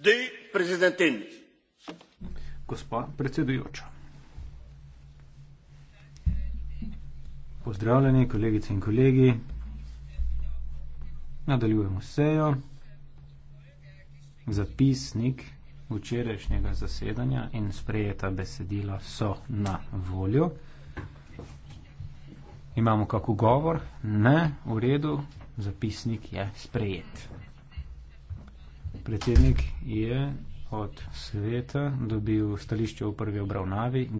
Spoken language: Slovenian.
Zdaj, prezidentin. Gospa predsedujoča. Pozdravljeni, kolegice in kolegi. Nadaljujemo sejo. Zapisnik včerajšnjega zasedanja in sprejeta besedila so na voljo. Imamo kako govor? Ne, v redu, zapisnik je sprejet. Predsednik je od sveta dobil stališče o prvi obravnavi.